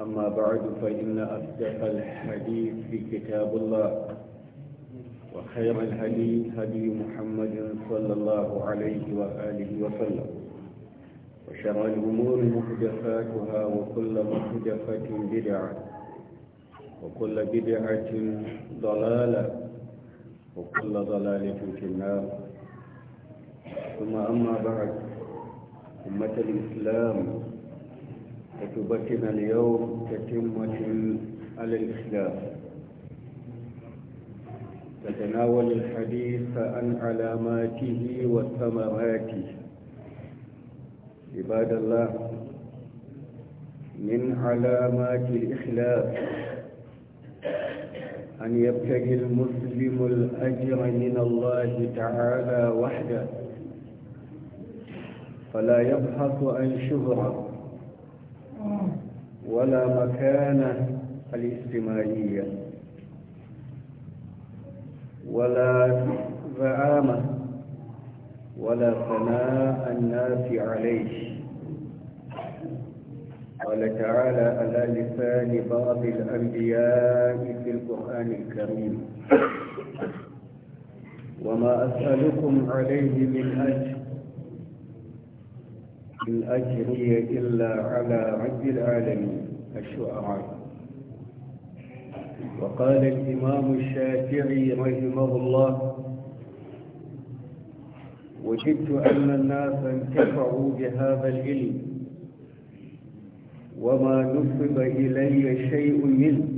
أما بعد فإن أصدق الحديث في كتاب الله وخير الحديث هدي محمد صلى الله عليه وآله وسلم وشر الأمور محدثاتها وكل محدثة بدعة وكل بدعة ضلالة وكل ضلالة في النار ثم أما بعد أمة الإسلام كتبتنا اليوم تتمة على الإسلام تتناول الحديث عن علاماته وثمراته عباد الله من علامات الإخلاص أن يبتغي المسلم الأجر من الله تعالى وحده فلا يبحث عن شهره ولا مكانة الاجتماعية ولا زعامة ولا ثناء الناس عليه قال تعالى على لسان بعض الأنبياء في القرآن الكريم وما أسألكم عليه من أجل إن أجري إلا على رب العالمين الشعراء وقال الإمام الشافعي رحمه الله وجدت أن الناس انتفعوا بهذا العلم وما نصب إلي شيء منه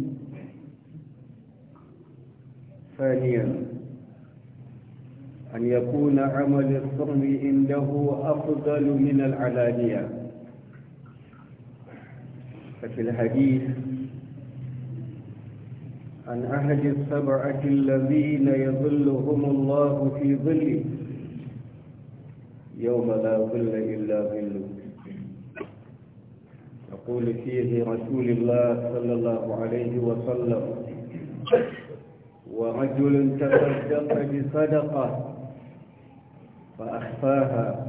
ثانيا أن يكون عمل الصرم عنده أفضل من العلانية ففي الحديث عن أحد السبعة الذين يظلهم الله في ظله يوم لا ظل إلا ظله يقول فيه رسول الله صلى الله عليه وسلم ورجل تصدق بصدقه فأخفاها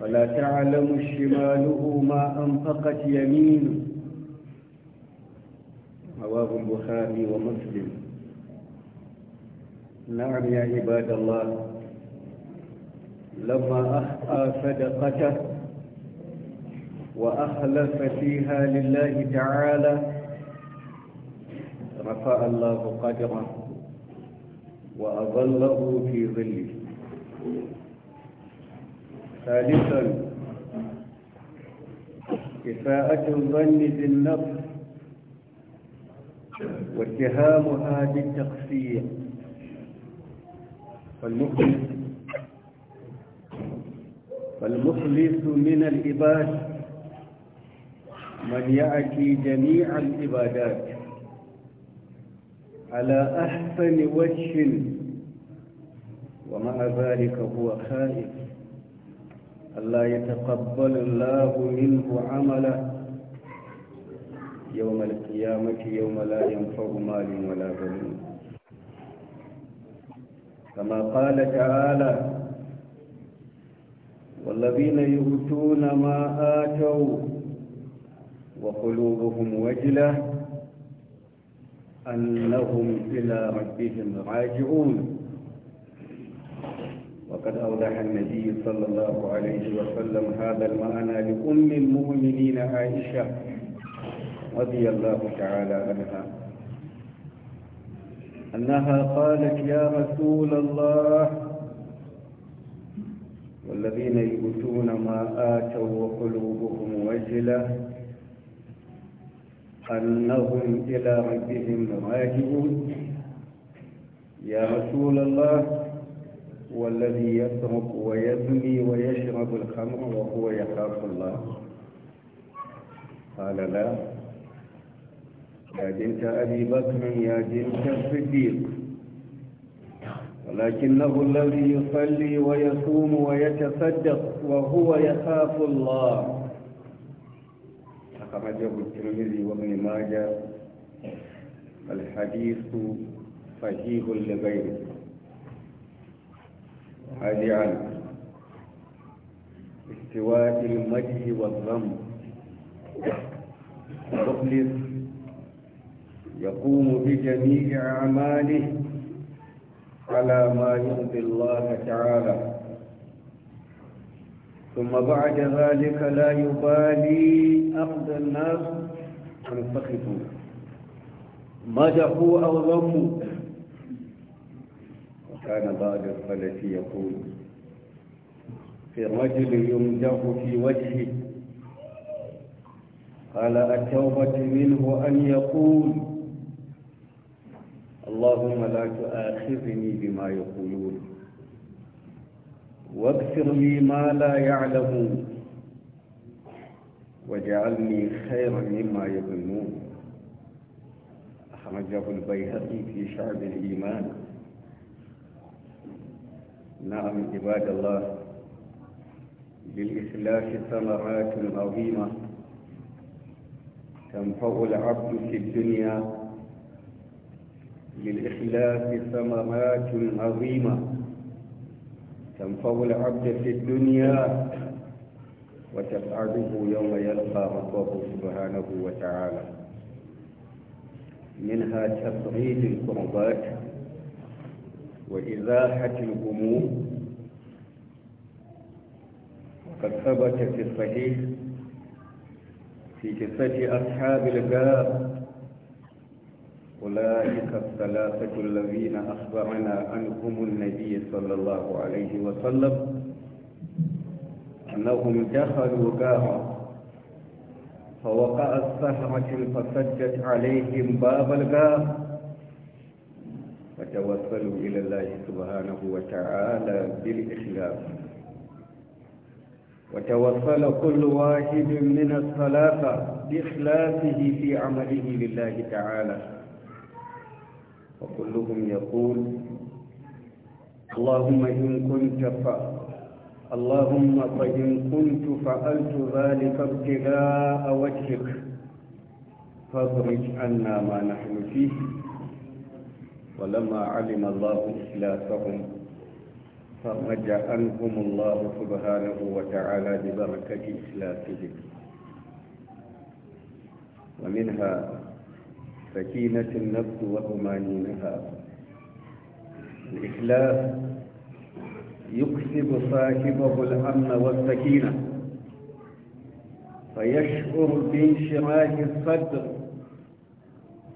فلا تعلم شماله ما أنفقت يمينه رواه البخاري ومسلم نعم يا عباد الله لما أخفى صدقته وأخلف فيها لله تعالى رفع الله قدره وأظله في ظله ثالثا كفاءة الظن بالنفس واتهامها بالتقسيم فالمخلص فالمخلص من العباد من يأتي جميع العبادات على أحسن وجه ومع ذلك هو خائف ألا يتقبل الله منه عمله يوم القيامة يوم لا ينفع مال ولا بنون كما قال تعالى والذين يؤتون ما آتوا وقلوبهم وجلة أنهم إلى ربهم راجعون وقد أوضح النبي صلى الله عليه وسلم هذا المعنى لأم المؤمنين عائشة رضي الله تعالى عنها أنها قالت يا رسول الله والذين يؤتون ما آتوا وقلوبهم وجلة أنهم إلى ربهم راجعون يا رسول الله والذي يسرق ويزني ويشرب الخمر وهو يخاف الله قال لا يا بنت أبي بكر يا بنت الصديق ولكنه الذي يصلي ويصوم ويتصدق وهو يخاف الله أخرجه الترمذي وابن ماجه الحديث صحيح لغيره أجعل استواء المجد والضم مخلص يقوم بجميع أعماله على ما يرضي الله تعالى ثم بعد ذلك لا يبالي أخذ الناس ان سخطه مدحوا أو ضموا كان بعد الصلاة يقول في الرجل يمدح في وجهه قال التوبة منه أن يقول اللهم لا تؤاخذني بما يقولون واغفر لي ما لا يعلمون واجعلني خيرا مما يظنون أخرجه البيهقي في شعب الإيمان نعم عباد الله للإخلاص ثمرات عظيمة تنفع العبد في الدنيا للإخلاص ثمرات عظيمة تنفع العبد في الدنيا وتسعده يوم يلقى ربه سبحانه وتعالى منها تفريد القربات وإزاحة الهموم وقد ثبت في الصحيح في قصة أصحاب الغار أولئك الثلاثة الذين أخبرنا عنهم النبي صلى الله عليه وسلم أنهم دخلوا غارا فوقع السهرة فسجت عليهم باب الغار وتوصلوا إلى الله سبحانه وتعالى بالإخلاص وتوصل كل واحد من الصلاة بإخلاصه في عمله لله تعالى وكلهم يقول اللهم إن كنت ف... اللهم فإن طيب، كنت فعلت ذلك ابتغاء وجهك فاخرج عنا ما نحن فيه ولما علم الله إخلاصهم عنهم الله سبحانه وتعالى ببركة إخلاصهم ومنها سكينة النفس وطمانينها الإخلاص يكسب صاحبه الأمن والسكينة فيشعر بانشراح الصدر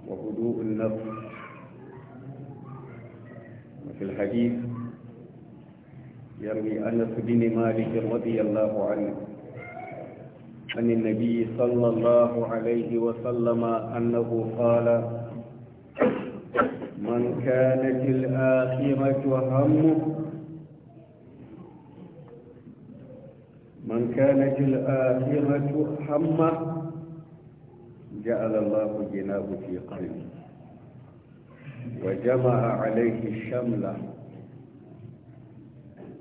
وهدوء النفس في الحديث يروي أنس بن مالك رضي الله عنه عن النبي صلى الله عليه وسلم أنه قال من كانت الآخرة همه من كانت الآخرة همه جعل الله جناه في قلبه وجمع عليه الشملة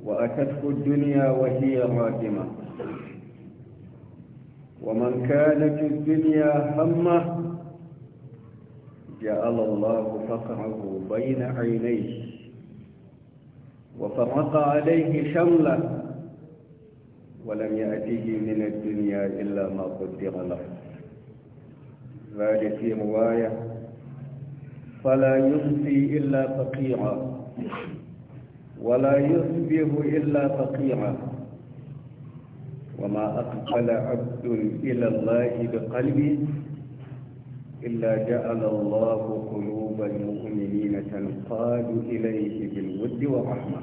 وأتته الدنيا وهي رادمة ومن كانت الدنيا همه جعل الله فقره بين عينيه وفرق عليه شمله ولم يأته من الدنيا إلا ما قدر له ذلك في رواية فلا يصفي إلا فقيرا ولا يصبح إلا فقيرا وما أقبل عبد إلى الله بقلبه إلا جعل الله قلوب المؤمنين تنقاد إليه بالود والرحمة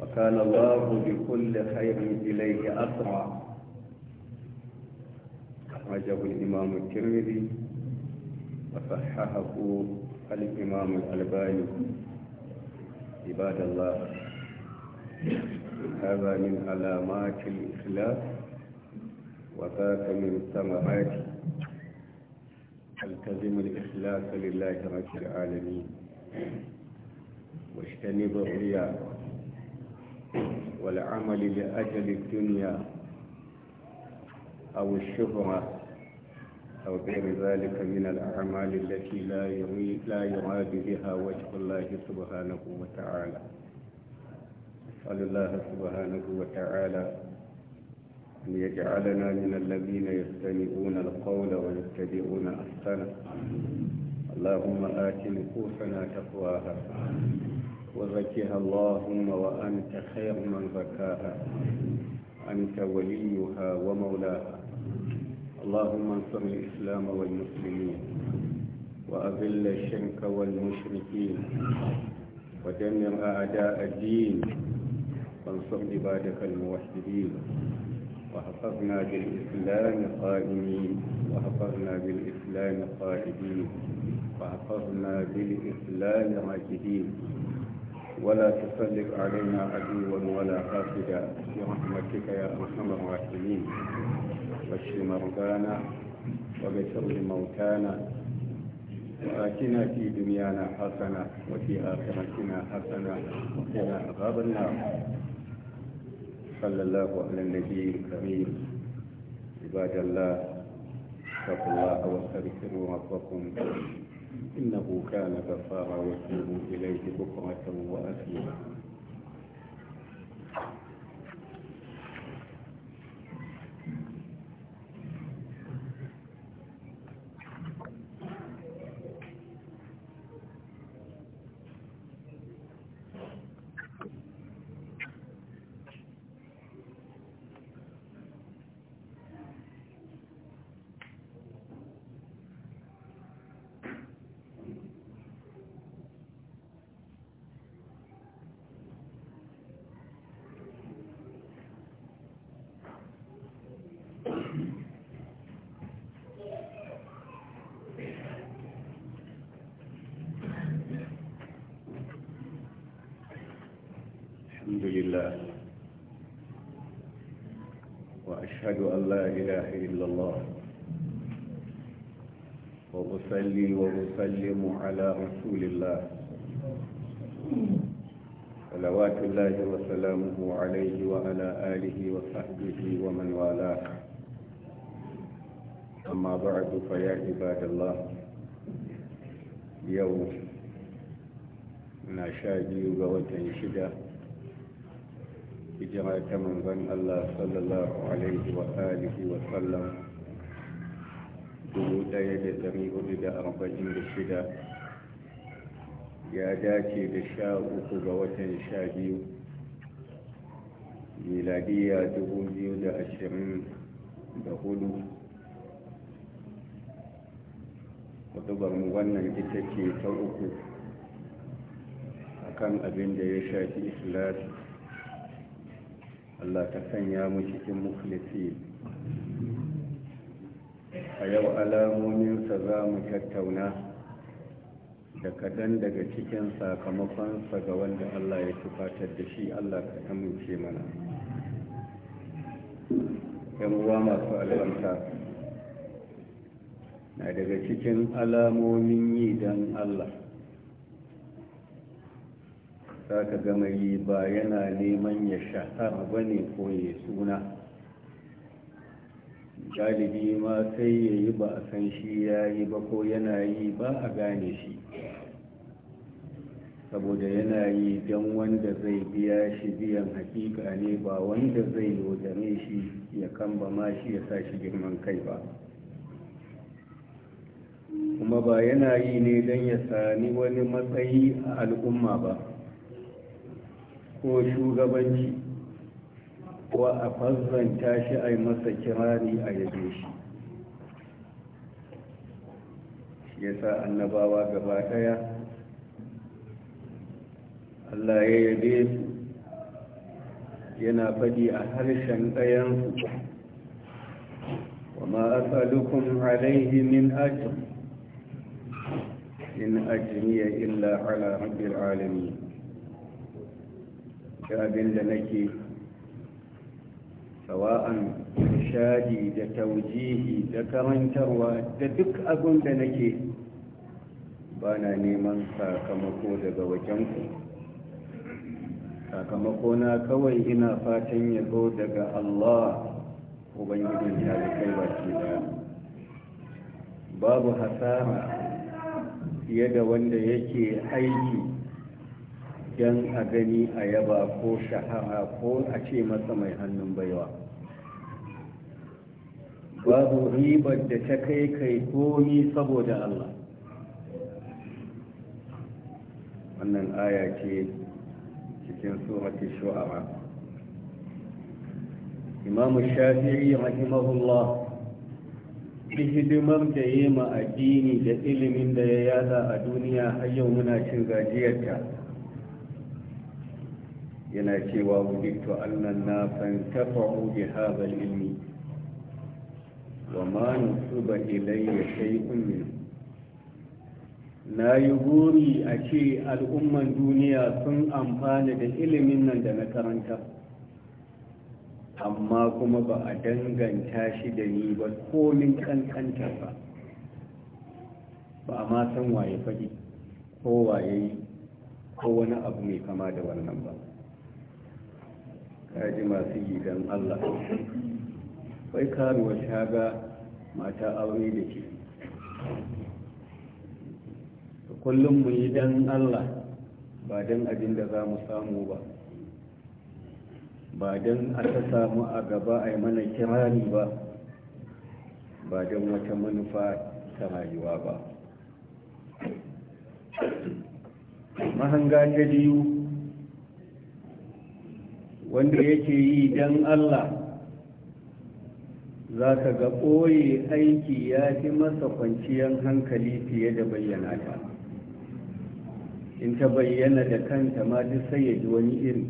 وكان الله بكل خير إليه أسرع أخرجه الإمام الترمذي وصححه الإمام الألباني عباد الله هذا من علامات الإخلاص وذاك من ثمرات التزم الإخلاص لله رب العالمين واجتنب الرياء والعمل لأجل الدنيا أو الشهرة أو غير ذلك من الأعمال التي لا لا يراد بها وجه الله سبحانه وتعالى أسأل الله سبحانه وتعالى أن يجعلنا من الذين يستمعون القول ويتبعون أحسنه اللهم آت نفوسنا تقواها وزكها اللهم وأنت خير من زكاها أنت وليها ومولاها اللهم انصر الإسلام والمسلمين وأذل الشرك والمشركين ودمر أعداء الدين وانصر عبادك الموحدين وحفظنا بالإسلام قائمين وحفظنا بالإسلام قائدين وحفظنا بالإسلام راشدين ولا تسلط علينا عدوا ولا حاسدا برحمتك يا أرحم الراحمين وبشر مرضانا وبشر موتانا وآتنا في دنيانا حسنة وفي آخرتنا حسنة وقنا عذاب النار صلى الله على النبي الكريم عباد الله اتقوا الله واستغفروا ربكم إنه كان غفارا وتوبوا إليه بكرة وأثيما الحمد لله وأشهد أن لا إله إلا الله وأصلي وأسلم على رسول الله صلوات الله وسلامه عليه وعلى آله وصحبه ومن والاه أما بعد فيا عباد الله اليوم من شاجي شده hijira ta manzon Allah sallallahu alaihi wa alihi wa sallam dubu ɗaya da ɗari hudu da arba'in da shida ya dace da sha uku ga watan sha biyu dubu biyu da ashirin da hudu wannan ita ce ta uku akan abin da ya shafi islasi Allah ka sanya mu cikin mukhlisi a yau alamominsa za mu tattauna da kaɗan daga cikin sakamakonsa ga wanda Allah ya tufatar da shi Allah ka amince mana yan uwa masu albarka na daga cikin alamomin yi don Allah za ka gama yi ba yana neman ya shahara ba ne ko ya suna galibi ma sai ya yi ba a san shi ya yi ba ko yana yi ba a gane shi saboda yana yi don wanda zai biya shi biyan hakika ne ba wanda zai lodane shi ya kamba ma shi ya sa shi girman kai ba kuma ba yana yi ne don ya sami wani matsayi a al'umma ba ko shugabanci ko a fazzanta shi a yi masa kirani a yabe shi ya sa annabawa gaba daya allah ya yabe su yana faɗi a harshen ɗayansu wa ma asalukum alaihi min ajiyar in ajiyar illa ala rabbil ta abin da nake sawa'an shadi da taujihi da karantarwa da duk abin da nake ba na neman sakamako daga wajenku sakamako na kawai ina fatan yabo daga allah ubangijin ba ke daya babu hasara fiye da wanda yake aiki don a gani a yaba ko shahara ko a ce masa mai hannun baiwa babu ribar da ta kai kai komi saboda Allah wannan aya ce cikin surati shu'ara imamu shafi'i rahimahullah bi hidimar da yi ma addini da ilimin da ya yada a duniya har yau muna cin gajiyarta yana cewa wujittu annan na fantafa'u bi hadha ilmi wa ma nusuba ilayya shay'un min na yi buri a ce al'umman duniya sun amfana da ilimin nan da na karanta amma kuma ba a danganta shi da ni ba komin kankanta ba ba a ma san waye faɗi ko waye ko wani abu mai kama da wannan ba ya ji masu yi allah wai karuwa shaga mata aure da ke kullum mu yi don allah ba don abin da za mu samu ba ba don a ta samu a gaba a yi mana kirani ba ba don wata manufa ta rayuwa ba mahanga ta biyu wanda yake yi don Allah za ka ga ɓoye aiki ya fi masa kwanciyar hankali fiye da bayyana ta in ta bayyana da kanta ma duk sai ya ji wani iri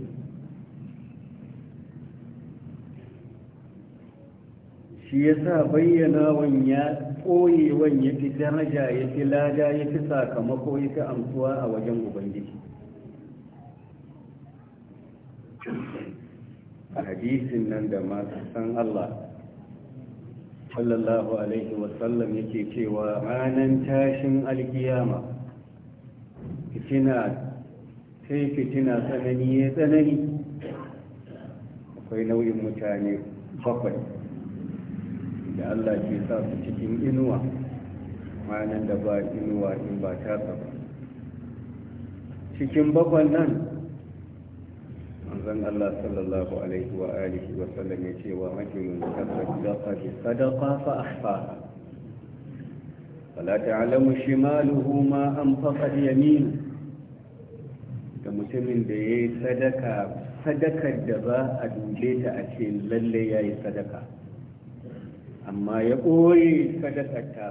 shi ya sa bayyana wanya ɓoyewan ya fi daraja ya fi lada ya fi sakamako ya fi amsuwa a wajen ubangiji a hadisin nan da masu san Allah sallallahu alaihi wasallam yake cewa ranar tashin alkiyama fitina sai fitina tsanani ya tsanani akwai nau'in mutane bakwai da Allah ke sa su cikin inuwa ranar da ba inuwa in ba ta ba cikin bakwai nan manzon Allah sallallahu alaihi wa alihi wa sallam ya ce wa rajulun saddaqa bi sadaqa fa ahfaha fala ta'lamu shimaluhu ma anfaqa yamin da mutumin da yayi sadaka sadakar da ba a dube ta a ce lalle yayi sadaka amma ya koyi sadakar ta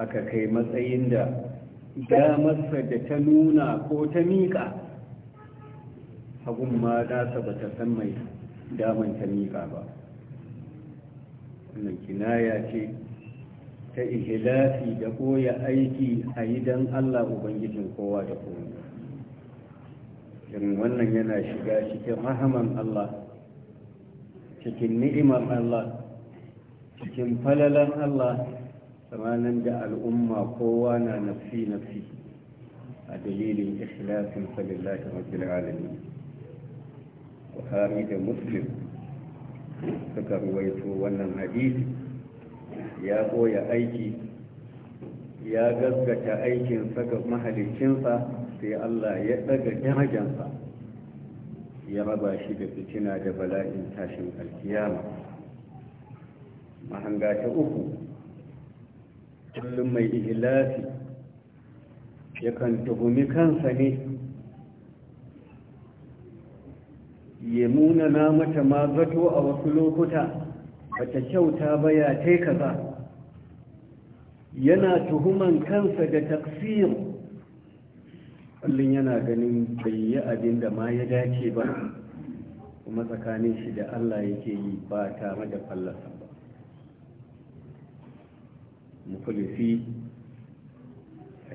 aka kai matsayin da damarsa da ta nuna ko ta miƙa hagun ma ɗasa ba san mai daman ta miƙa ba wannan kinaya ce ta ihilafi da koya aiki a yi don allah ubangijin kowa da kowa irin wannan yana shiga cikin rahaman allah cikin ni'imar allah cikin falalan allah tsamanin da al'umma kowa na nafsi nafsi a dalilin ikhlasin falillahi rabbil alamin buhari da muslim suka ruwaito wannan hadisi ya koya aiki ya gaskata aikinsa ga mahalicinsa sai allah ya daga darajansa ya raba shi da fitina da bala'in tashin alkiyama mahanga ta uku kullum mai ihlasi yakan tuhumi kansa ne yamuna na mata ma zato a wasu lokuta bata kyauta ba ya tai kaza yana tuhuman kansa da taksir ƙallin yana ganin bai yi abin da ma ya dace ba kuma tsakanin shi da Allah yake yi ba tare da fallasa ba mukulisi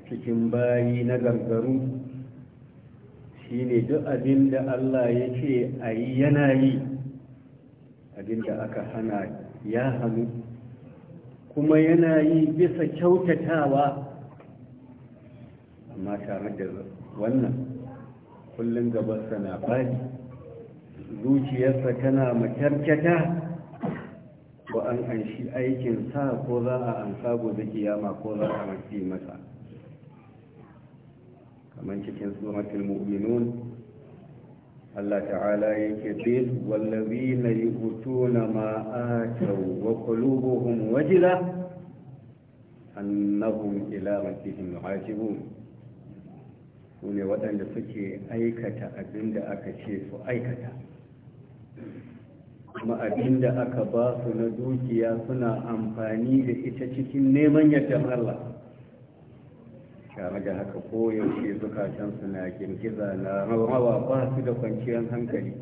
a cikin bayi na gargaru shi ne duk abin da Allah ya ce a yi yana yi abin da aka hana ya hannu kuma yana yi bisa kyautatawa amma tare da wannan kullum gabarsa na fadi zuciyarsa tana makyarkyata ba an anshi aikin sa ko za a ansa gobe kiyama ko za a yi masa kamar cikin suratul mu'minun Allah ta'ala yake bil wallazina yu'tuna ma ataw wa qulubuhum wajila annahum ila rabbihim raji'un sune waɗanda suke aikata abinda aka ce su aikata kuma abinda aka ba su na dukiya suna amfani da ita cikin neman yadda Allah tare da haka koyaushe zukatansu na girgiza na rawa ba su da kwanciyar hankali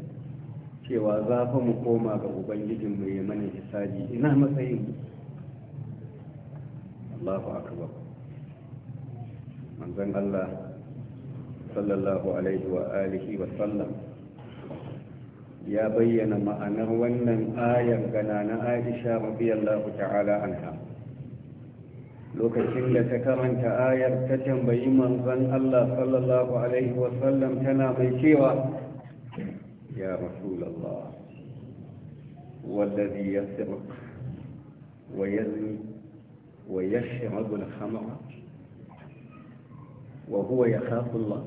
cewa za fa mu koma ga ubangijin mu ya mana hisabi ina matsayin Allahu akbar manzon Allah sallallahu alaihi wa alihi wa sallam ya bayyana ma'anar wannan ayar gana na Aisha radiyallahu ta'ala anha lokacin da ta karanta ayar ta tambayi manzon Allah sallallahu alaihi wasallam tana mai cewa ya rasulullah wallazi yasriq wa yazni wa yashrabu al-khamra wa huwa yakhafu Allah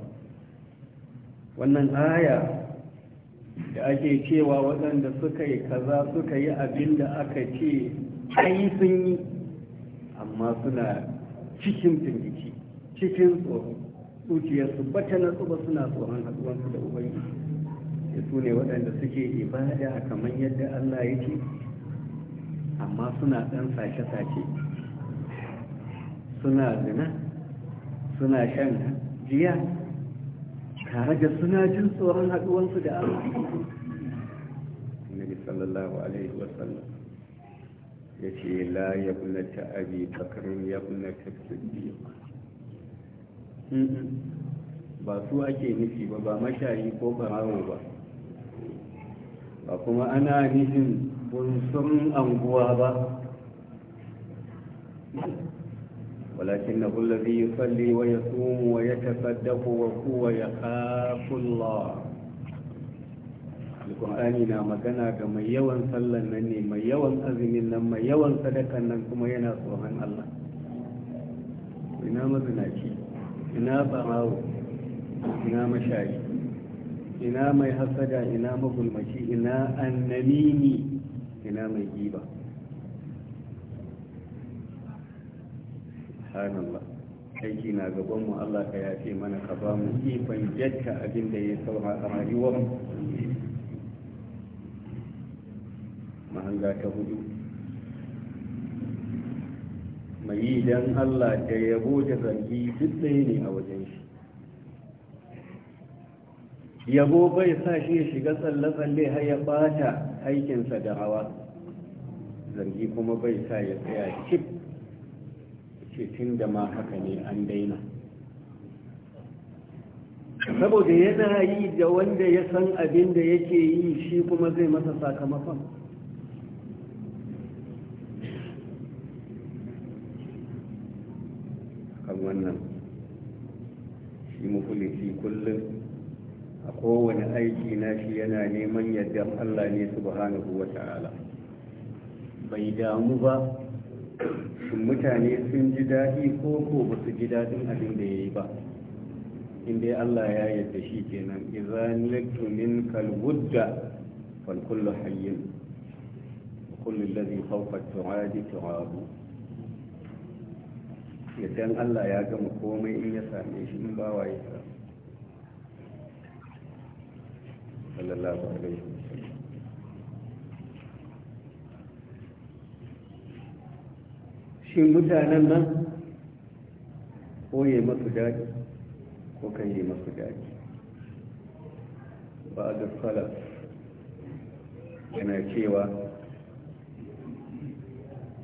wannan aya da ake cewa waɗanda suka yi kaza suka yi abinda aka ce ai sun yi amma suna cikin firgici cikin tsoro zuciyarsu bata na ba suna tsoron haɗuwarsu da ubangiji ya su ne waɗanda suke ibada kamar yadda allah ya ce amma suna ɗan sace-sace suna zina suna shan jiya tare da suna jin tsoron haɗuwarsu da allah sallallahu alaihi wasallam ya ce la ya bunata abi bakarin ya bunata siddiq ba su ake nufi ba ba mashayi ko barawo ba ba kuma ana nufin bunsun anguwa ba ولكنه الذي يصلي ويصوم ويتصدق وهو يخاف الله ƙur'ani na magana ga mai yawan sallan nan ne mai yawan azumin nan mai yawan sadakan nan kuma yana tsoron Allah ina mazinaci ina barawo ina mashayi ina mai hasada ina magulmaki ina annamimi ina mai giba subhanallah aiki na gabanmu Allah ka yafe mana ka ba mu ikon jatta abinda ya saura a rayuwarmu hanga ta hudu mai yi don allah da yabo da zargi duk ɗaya ne a wajen shi yabo bai sa shi ya shiga tsalle-tsalle har ya bata aikinsa da hawa zargi kuma bai sa ya tsaya cip ce tun da ma haka ne an daina saboda yana yi da wanda ya san abin da yake yi shi kuma zai masa sakamakon wannan shi mafulisi kullum a kowane aiki na shi yana neman yadda allah ne subhanahu wa ta'ala bai damu ba shin mutane sun ji daɗi ko ko ba su ji daɗin abin da ya yi ba inda allah ya yadda shi kenan izan littu min kalwudda falkullu hayyin kullum lazi haufar tu'adi tu'abu idan Allah ya gama komai in ya same shi in ba wa ya samu sallallahu alaihi wasallam shi mutanen nan ko ya masu daɗi ko kan yi masu dadi ba da yana cewa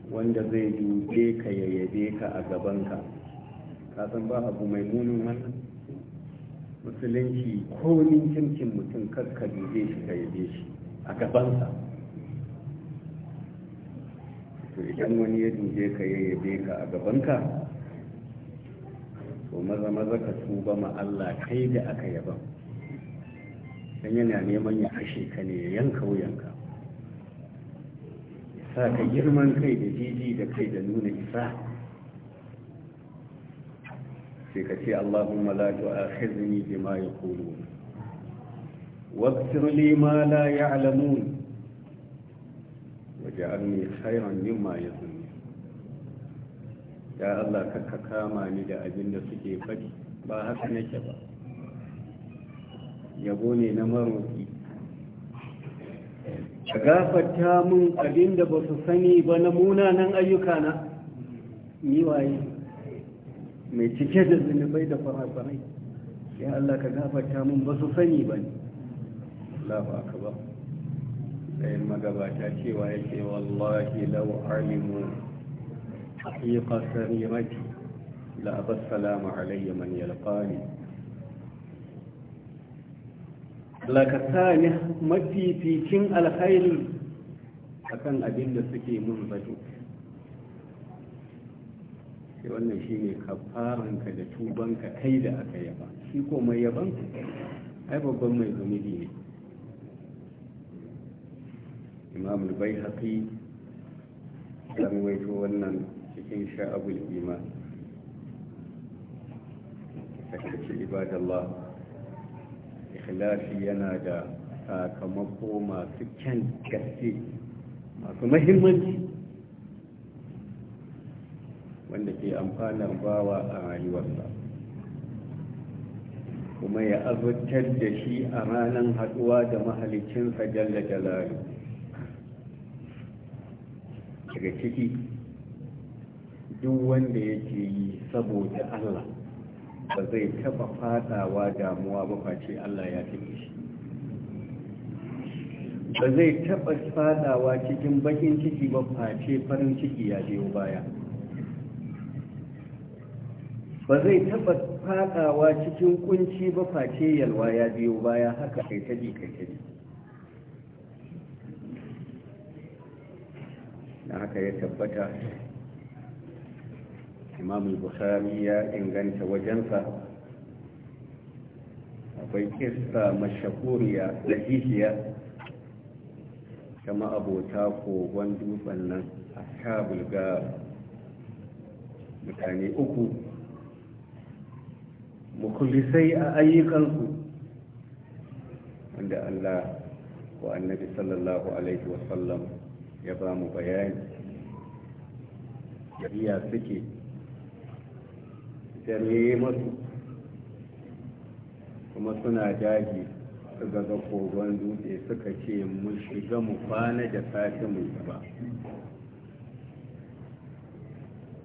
wanda zai dube ka yayyade ka a gabanka ka san ba abu mai munin wannan musulunci ko nincin mutum karka dube shi ka yabe shi a gabansa to idan wani ya dube ka yayyade ka a gabanka to maza maza ka tuba ma Allah kai da aka yaba dan yana neman ya kashe ka ne ya yanka wuyanka sa ka girman kai da jiji da kai da nuna isa sai ka ce Allahumma la tu'akhizni bima yaqulun واغفر لي ما لا يعلمون وجعلني خيرا مما يظنون يا الله ka kama ni da abin da suke faɗi ba haka nake ba yabo ne na maroki ka gafarta mun abin da ba su sani ba na munanan ayyuka na ni waye mai cike da zunubai da farafarai ya Allah ka gafarta mun ba su sani ba ne ka ba sai magabata cewa yake wallahi law alimu haqiqa sarirati la abassalamu alayya man yalqani lakasani mafificin alkhairi akan abin da suke mun zato sai wannan shi ne kafaranka da tubanka kai da aka yaba shi ko mai yaban ai babban mai zunubi ne imam bai haƙi ya ruwaito wannan cikin sha'abul iman ta ibadallah ikhlasi yana da sakamako masu kyan gaske masu mahimmanci wanda ke amfanar bawa a rayuwarsa kuma ya azurtar da shi a ranar haɗuwa da mahalicinsa jalla jalari daga ciki duk wanda yake yi saboda allah ba zai taba fadawa damuwa ba face Allah ya taɓa shi ba zai taba fadawa cikin bakin ciki ba face farin ciki ya biyo baya ba zai taba fadawa cikin kunci ba face yalwa ya biyo baya haka kai ta ji kai ta da haka ya tabbata imam bukhari ya inganta wajensa akwai kista mashahuriya lahihiya kama abota kogon dutsen nan a kabul ga mutane uku mukulisai a ayyukansu wanda allah wa annabi sallallahu alaihi wasallam ya ba mu bayani yariya suke da kuma suna daji su ga kogon dutse suka ce mu shiga mu kwana da safe mu ba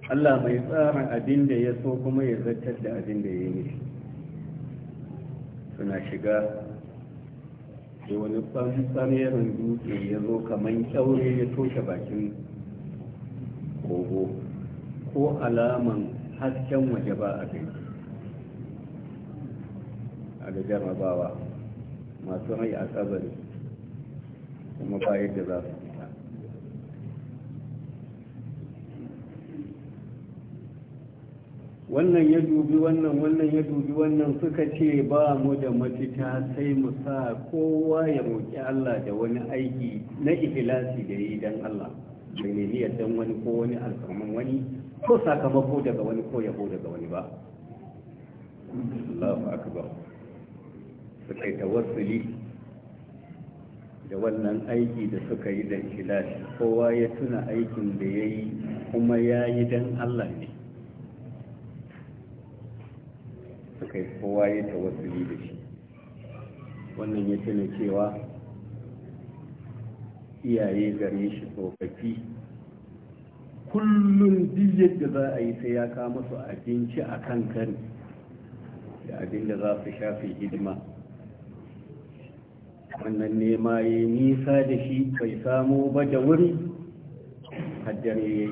Allah mai tsara abin da ya so kuma ya zartar da abin da ya yi suna shiga da wani tsamirin dutse ya zo kamar kyaure ya toshe bakin kogo ko alaman hasken waje ba a kai a da jarabawa masu rai a tsabari kuma ba yadda za su fita wannan ya dubi wannan wannan ya dubi wannan suka ce ba mu da mafita sai mu sa kowa ya roƙi Allah da wani aiki na ikilasi da yi don Allah mai ne don wani ko wani alfarman wani ko sakamako daga wani ko yabo daga wani ba Allahu akbar suka yi tawassuli da wannan aiki da suka yi da ikhlas kowa ya tuna aikin da ya yi kuma ya yi don Allah ne suka yi kowa ya tawassuli da shi wannan ya tuna cewa iyaye gare shi tsofaffi kullum duk yadda za a yi sai ya kawo masu abinci a kan kari da abin da za su shafi hidima wannan nema ya yi nisa da shi bai samo ba da wuri hajjar ya yi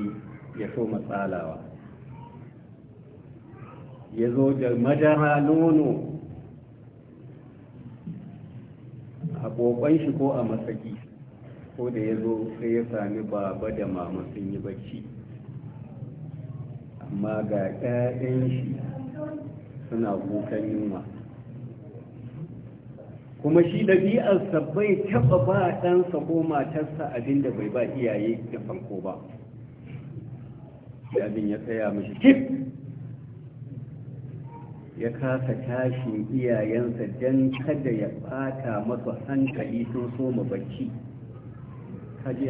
ya so matsalawa ya zo da madara nono a ƙoƙon shi ko a matsaki ko da ya zo sai ya sami baba da mama sun yi bacci amma ga 'ya'yan shi suna kukan yunwa kuma shi ɗabi'arsa bai taɓa ba ɗansa ko matarsa abin da bai ba iyaye da farko ba abin ya tsaya mashi kif ya kasa tashi iyayensa don kada ya ɓata masu hankali sun soma bacci kaji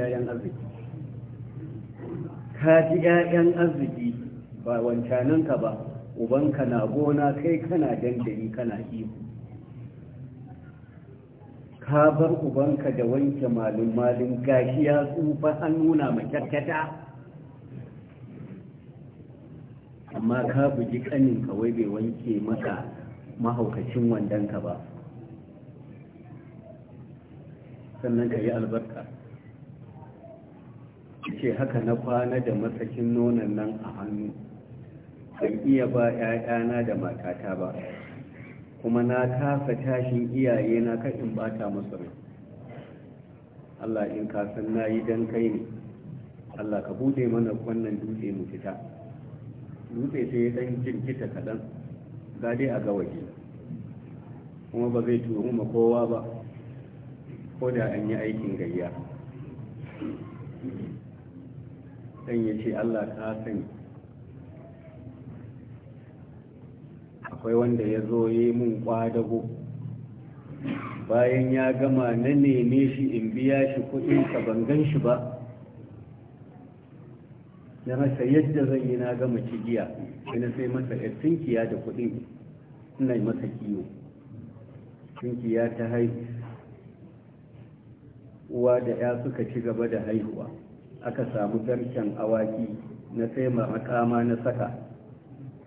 kaji 'ya'yan arziki ba wancaninka ba ubanka na gona kai kana dandali kana ihu ka bar ubanka da wanke malin malin gashi ya tsufa an nuna makyarkyata amma ka buji kanin kawai bai wanke maka mahaukacin wandonka ba sannan ka yi albarka ce haka na kwana da matsakin nonon nan a hannu ban iya ba 'ya'yana da matata ba kuma na kasa tashin iyaye na kashin bata musu rai Allah in ka san na yi don kai ne Allah ka bude mana wannan dutse mu fita dutse sai ya dan jinkita kaɗan ga dai a gawaje kuma ba zai turu ma kowa ba ko da an yi aikin gayya dan ya ce Allah ka sani akwai wanda ya zo ya yi mun kwadago bayan ya gama na neme shi in biya shi kudinsa ban gan shi ba na rasa yadda zan yi na gama cigiya sai na sai masa ya tunkiya da kudin ina masa kiwo tunkiya ta haihu uwa da ya suka ci gaba da haihuwa aka samu garken awaki na sai ma na saka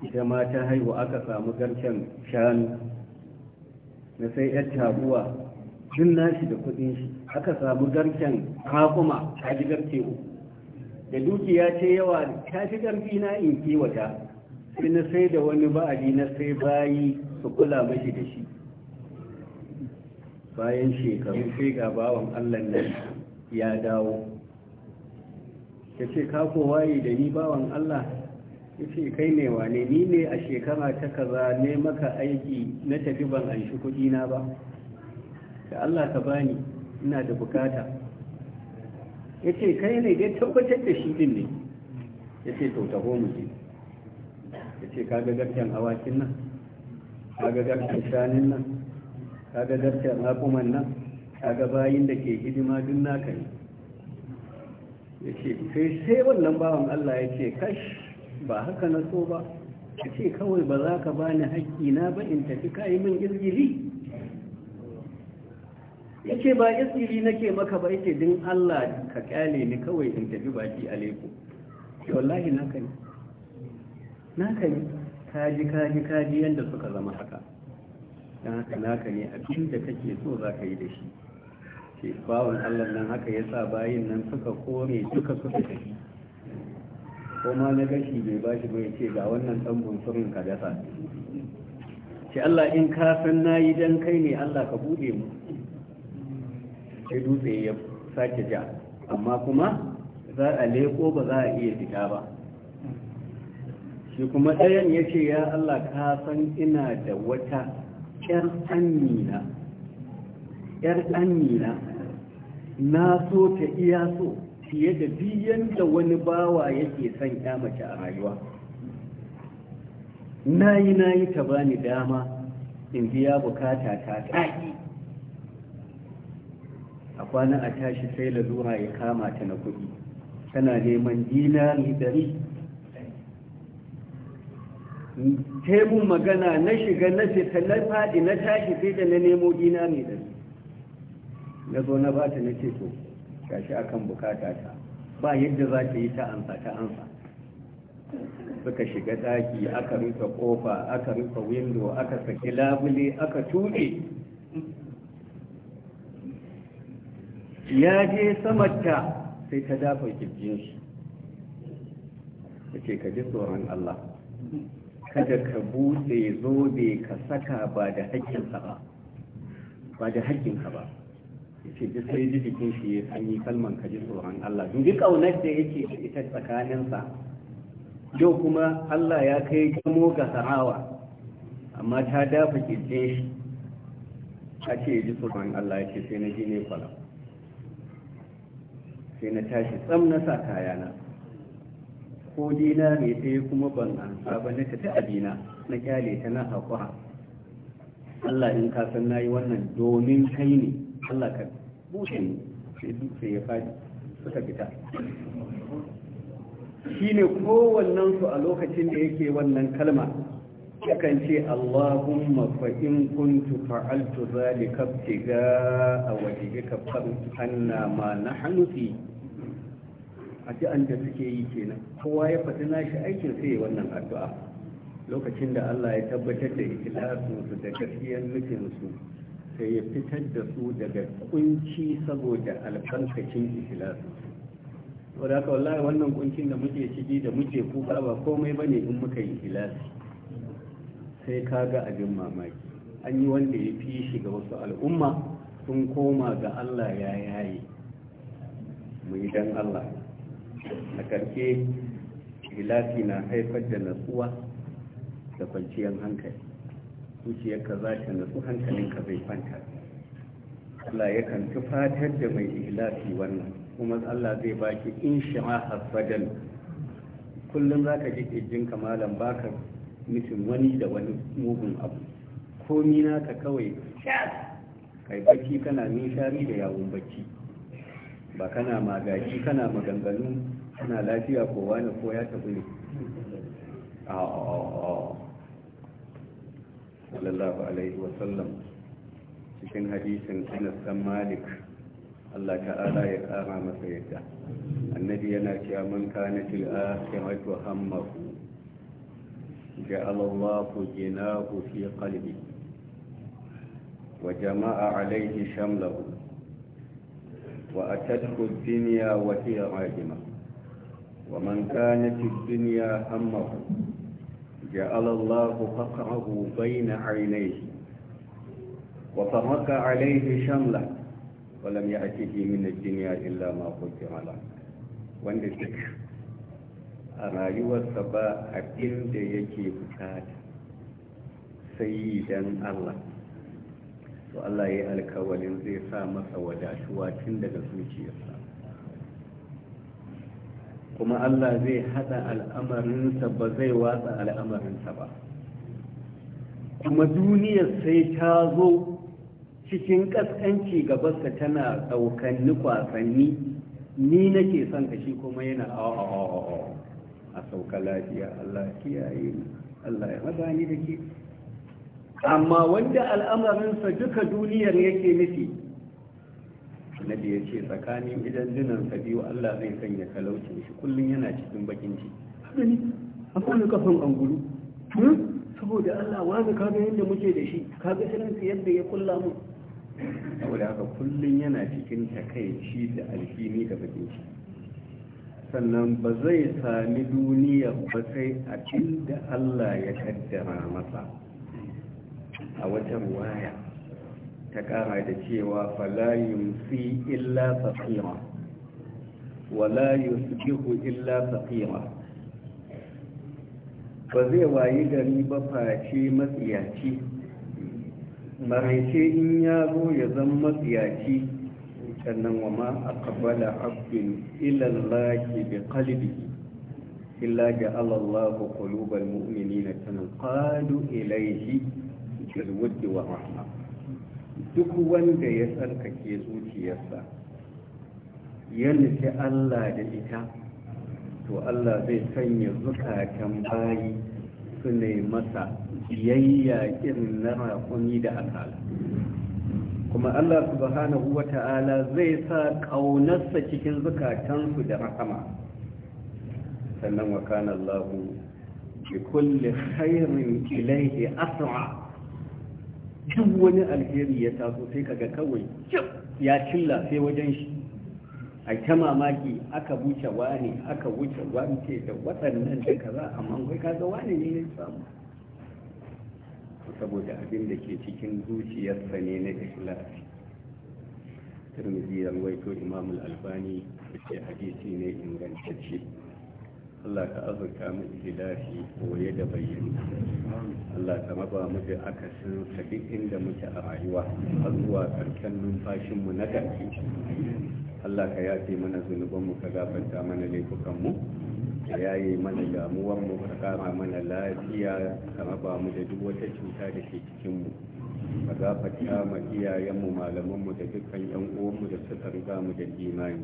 ita ma ta haihu aka samu garken shanu na sai yar taguwa duk nashi da kudin shi aka samu garken kakuma ta ji garke ku. da dukiya ce yawa ta fi garfi na in kiwata sai na sai da wani ba'adi na sai bayi su kula mashi da shi bayan shekaru sai ga bawan allah nan ya dawo ta ce kako waye da ni bawan allah yace kai ne wane ni ne a shekara ta kaza ne maka aiki na tafi ban an shi kudina na ba da Allah ka bani ina da bukata yace kai ne dai tabbatar da shi din ne yace to taho mu je yace kaga garken awakin nan kaga garken shanin nan kaga garken raƙuman nan kaga bayin da ke hidima duk naka ne yace sai sai wannan bawan Allah yace kashi. ba haka na so ba ka ce kawai ba za ka bani haƙƙi na ba in tafi ka yi min girgiri? ya ce ba izgili nake maka ba yake din Allah ka kyale ni kawai in tafi baki a leku wallahi naka ne naka ne kaji kaji kaji yadda suka zama haka don haka naka ne abin da kake so za ka yi da shi Ke bawon Allah nan haka ya sa bayin nan suka kore duka suka tafi ko ma na gashi bai ba shi bai ce ga wannan dan bunsurin ka dasa ce Allah in ka san na dan kai ne Allah ka buɗe mu sai dutse ya sake ja amma kuma za a leko ba za a iya fita ba shi kuma ɗayan ya ce ya Allah ka san ina da wata ƴar annina ƴar annina na so ta iya so fiye da biyan da wani bawa yake son ya mace a rayuwa na yi na yi ta bani dama in biya bukata ta ƙaƙi a kwana a tashi sai lalura ya kama ta na kuɗi tana neman dinari ɗari taimun magana na shiga na fita na faɗi na tashi sai da na nemo dinari ɗari na zo na bata na ce to gashi akan bukata ta ba yadda za ta yi ta amsa ta amsa suka shiga daki aka rufe kofa aka rufe window aka saki labule aka tuɗe ya je samarta sai ta dafa kirjin shi ta ce ka ji tsoron Allah kada ka buɗe zobe ka saka ba da haƙƙinka ba ba da haƙƙinka ba ce sai ji jikin shi ya sanyi kalman ka ji tsoron Allah duk kaunar da yake da ita sa yau kuma Allah ya kai gamo ga sarawa amma ta dafa kirje shi ta ce ya ji tsoron Allah ya ce sai na ji ne kwalam sai na tashi tsam na sa kayana ko dina ne sai kuma ban ansa ba na tafi abina na kyale ta na haƙura Allah in ka san na yi wannan domin kai ne Allah kan bushe sai ya fadi suka fita shine kowannen su a lokacin da yake wannan kalma yakan ce Allahumma fa in kuntu fa'altu zalika a wajhika fa anna ma nahnu fi addu'an da suke yi kenan kowa ya faɗi nashi aikin sai wannan addu'a lokacin da Allah ya tabbatar da ikhlasin su da gaskiyar nufin sai ya fitar da su daga kunci saboda albarkacin ikhlasu wadda haka wallahi wannan kuncin da muke ciki da muke kuka ba komai ba ne in muka yi ikhlasi sai ka ga abin mamaki an yi wanda ya fi shi ga wasu al'umma sun koma ga allah ya yayi mu yi dan allah a ƙarshe ikhlasi na haifar da natsuwa da kwanciyar hankali zuciyarka za ta nutsu hankalinka zai kwanta Allah yakan tufatar da mai ihlasi wannan kuma Allah zai baki in shima hasbadan kullum za ka ji ka malam baka mutum wani da wani mugun abu komi naka kawai kai bacci kana nishari da yawon bacci ba kana magaji kana maganganu kana lafiya ko wani ko ya tafi ne sallallahu alaihi wasallam cikin hadisin anas dan malik Allah ta'ala ya kara masa yadda annabi yana cewa man kana fil akhirati hammahu ja'ala Allahu jinahu fi qalbi wa jama'a alayhi shamlahu wa atatku ad-dunya wa hiya rajimah ومن كانت الدنيا همه جعل الله فقره بين عينيه وفرق عليه شمله ولم يأته من الدنيا إلا ما قدر له wanda duk a rayuwarsa ba abin da yake bukata sai dan Allah to Allah ya alkawalin zai sa masa wadatuwa tun daga zuciyarsa kuma Allah zai hada al'amarinsa ba zai watsa al'amarinsa ba kuma duniyar sai ta zo cikin kaskanci gabarsa tana daukanni kwasanni ni nake son ka shi kuma yana oh, oh, oh, a sauka lafiya Allah kiyaye Allah ya maza ni da ke amma wanda al'amarinsa duka duniyar yake nufi annabi ya ce tsakanin idan dinan sa biyu Allah zai sanya talaucin shi kullum yana cikin bakin ciki gani akwai kafan angulu hmm? saboda Allah ga kaga yadda muke da shi kaga sanin irin yadda ya kulla mu saboda haka kullum yana cikin takaici da alfini da bakin ciki sannan ba zai sami duniya ba sai abin da Allah ya kaddara masa a wajen waya ta kara da cewa fala yumsi illa saqira wala yusbihu illa saqira ba zai wayi gari ba face matsiyaci maraice in ya zo ya zan matsiyaci sannan wa ma a kabbala abdin ilallaki bi kalbi illa ga alallahu kulubar mu'mini na tanin kadu ilaihi jirwuddi wa rahma duk wanda ya tsarkake zuciyarsa ya nufi Allah da ita to Allah zai sanya zukatan bayi su ne masa biyayya irin na raƙumi da akala kuma Allah subhanahu wa ta'ala zai sa ƙaunarsa cikin zukatansu da rahama sannan wa kana Allah bi kulli khairin ilaihi asra duk wani alheri ya taso sai kaga kawai ya cilla sai wajen shi a ta mamaki aka buce wani aka wuce wance da waɗannan da kaza amma kai kaga wani ne ya samu saboda abin da ke cikin zuciyarsa ne na ikhlasi tirmidhi ya rawaito imam al-albani da hadisi ne ingantacce Allah ka azurta mu ko koye da bayyana Allah ka maba mu da akasin sa inda muke a rayuwa har zuwa karken numfashin mu na ƙarfi. Allah ka yafe mana zunuban mu ka gafarta mana laifukan mu ka yaye mana damuwar mu ka kama mana lafiya ka raba mu da duk wata cuta da ke cikin mu ba za ka ma iyayenmu malamanmu da dukkan yan uwanmu da suka riga mu da imani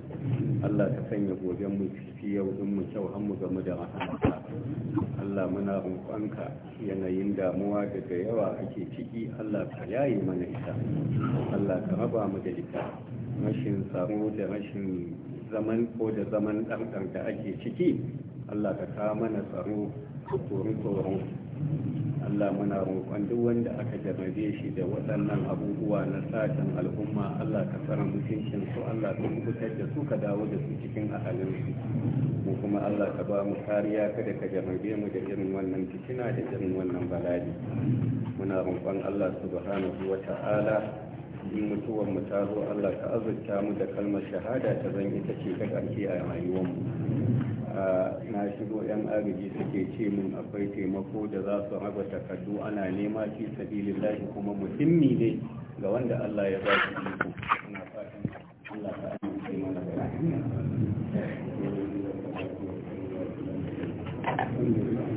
Allah ka sanya goben mu fi yau din mu kyau har mu gamu da rahama. Allah muna rinƙonka yanayin damuwa da da yawa ake ciki Allah ka yaye mana ita Allah ka raba mu da ita rashin tsaro da rashin zaman ko da zaman ɗanɗan da ake ciki Allah ka kawo mana tsaro tsoron tsoron Allah muna roƙon duk wanda aka jarrabe shi da waɗannan abubuwa na sashen al'umma Allah ka fara mutuncin su Allah ka kubutar da su ka dawo da su cikin ahalin su mu kuma Allah ka ba mu kariya kada ka jarrabe mu da irin wannan fitina da irin wannan bala'i muna roƙon Allah subhanahu wa ta'ala in mutuwar mu ta zo Allah ka azurta mu da kalmar shahada ta zan ita ce ta ƙarfi a rayuwar mu na shigo yan agaji suke ce min akwai taimako da za su raba takardu ana nema shi sabilin lahi kuma muhimmi ne ga wanda Allah ya ba shi iko ina fatan Allah ta amince mana da rahama